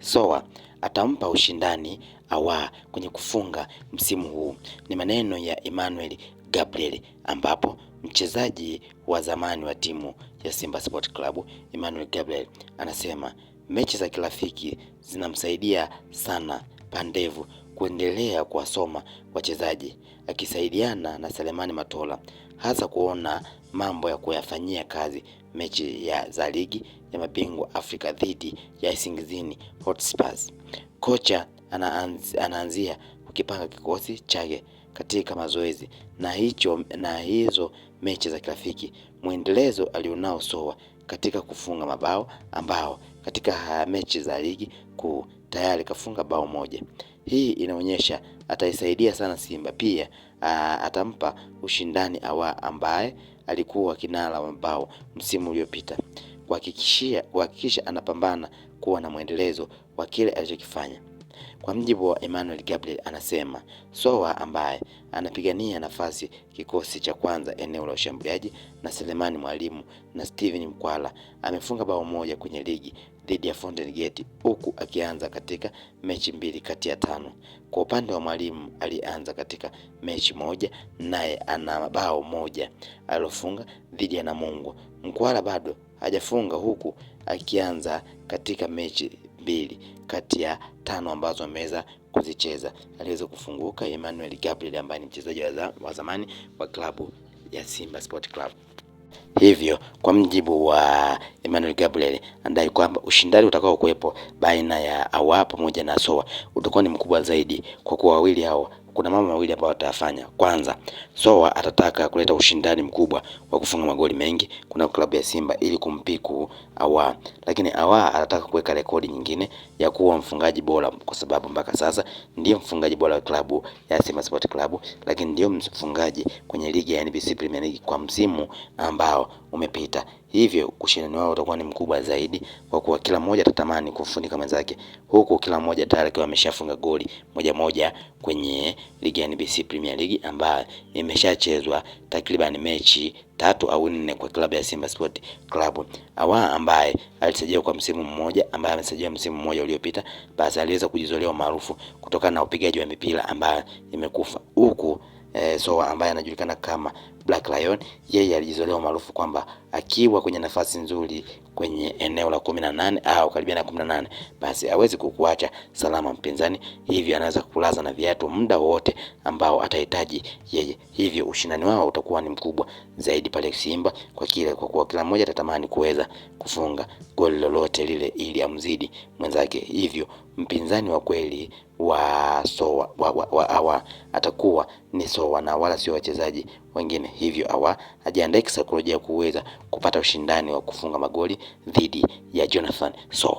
Soa atampa ushindani Awa kwenye kufunga msimu huu, ni maneno ya Emmanuel Gabriel, ambapo mchezaji wa zamani wa timu ya Simba Sport Club Emmanuel Gabriel anasema mechi za kirafiki zinamsaidia sana Pandevu kuendelea kuwasoma wachezaji akisaidiana na Selemani Matola, hasa kuona mambo ya kuyafanyia kazi mechi ya za ligi ya mabingwa Afrika dhidi ya Isingizini Hotspurs. Kocha anaanzia kukipanga kikosi chake katika mazoezi na hicho na hizo mechi za kirafiki, mwendelezo alionao Sowa katika kufunga mabao ambao katika mechi za ligi kuu tayari kafunga bao moja. Hii inaonyesha ataisaidia sana Simba, pia atampa ushindani awa ambaye alikuwa kinara wa mabao msimu uliopita, kuhakikisha anapambana kuwa na mwendelezo wa kile alichokifanya. Kwa mjibu wa Emmanuel Gabriel anasema Sowa ambaye anapigania nafasi kikosi cha kwanza eneo la ushambuliaji na Selemani Mwalimu na Steven Mkwala amefunga bao moja kwenye ligi dhidi ya Fountain Gate huku akianza katika mechi mbili kati ya tano. Kwa upande wa Mwalimu alianza katika mechi moja naye ana bao moja alilofunga dhidi ya Namungo. Mkwala bado hajafunga huku akianza katika mechi mbili kati ya tano ambazo ameweza kuzicheza. Aliweza kufunguka Emmanuel Gabriel ambaye ni mchezaji wa zamani wa klabu ya Simba Sport Club. Hivyo kwa mjibu wa Emmanuel Gabriel anadai kwamba ushindani utakao kuwepo baina ya awa pamoja na Soa utakuwa ni mkubwa zaidi kwa kuwa wawili hao kuna mambo mawili ambayo atayafanya. Kwanza, Soa atataka kuleta ushindani mkubwa wa kufunga magoli mengi kuna klabu ya Simba ili kumpiku Awa, lakini Awa atataka kuweka rekodi nyingine ya kuwa mfungaji bora, kwa sababu mpaka sasa ndiyo mfungaji bora wa klabu ya Simba Sport Club, lakini ndiyo mfungaji kwenye ligi ya NBC Premier League kwa msimu ambao umepita hivyo ushindani wao utakuwa ni mkubwa zaidi, kwa kuwa kila mmoja atatamani kufunika mwenzake, huku kila mmoja tayari akiwa ameshafunga goli moja moja kwenye ligi ya NBC Premier League ambayo imeshachezwa takriban mechi tatu au nne kwa klabu ya Simba Sport Club. Awa ambaye alisajiliwa kwa msimu mmoja, ambaye amesajiliwa msimu mmoja uliopita, basi aliweza kujizolea maarufu kutokana na upigaji wa mipira ambayo imekufa huku eh, Zoa ambaye anajulikana kama Black Lion, yeye alijizolewa maarufu kwamba akiwa kwenye nafasi nzuri kwenye eneo la kumi na nane au karibia na kumi na nane basi hawezi kukuacha salama mpinzani, hivyo anaweza kulaza na viatu muda wote ambao atahitaji yeye, hivyo ushindani wao utakuwa ni mkubwa zaidi pale Simba kwa kile, kwa kuwa kila mmoja atatamani kuweza kufunga goli lolote lile ili amzidi mwenzake, hivyo mpinzani wa kweli wa sowa wa, wa, wa, awa atakuwa ni sowa na wala sio wachezaji wengine, hivyo awa hajiandae kisaikolojia kuweza kupata ushindani wa kufunga magoli dhidi ya Jonathan Sowa.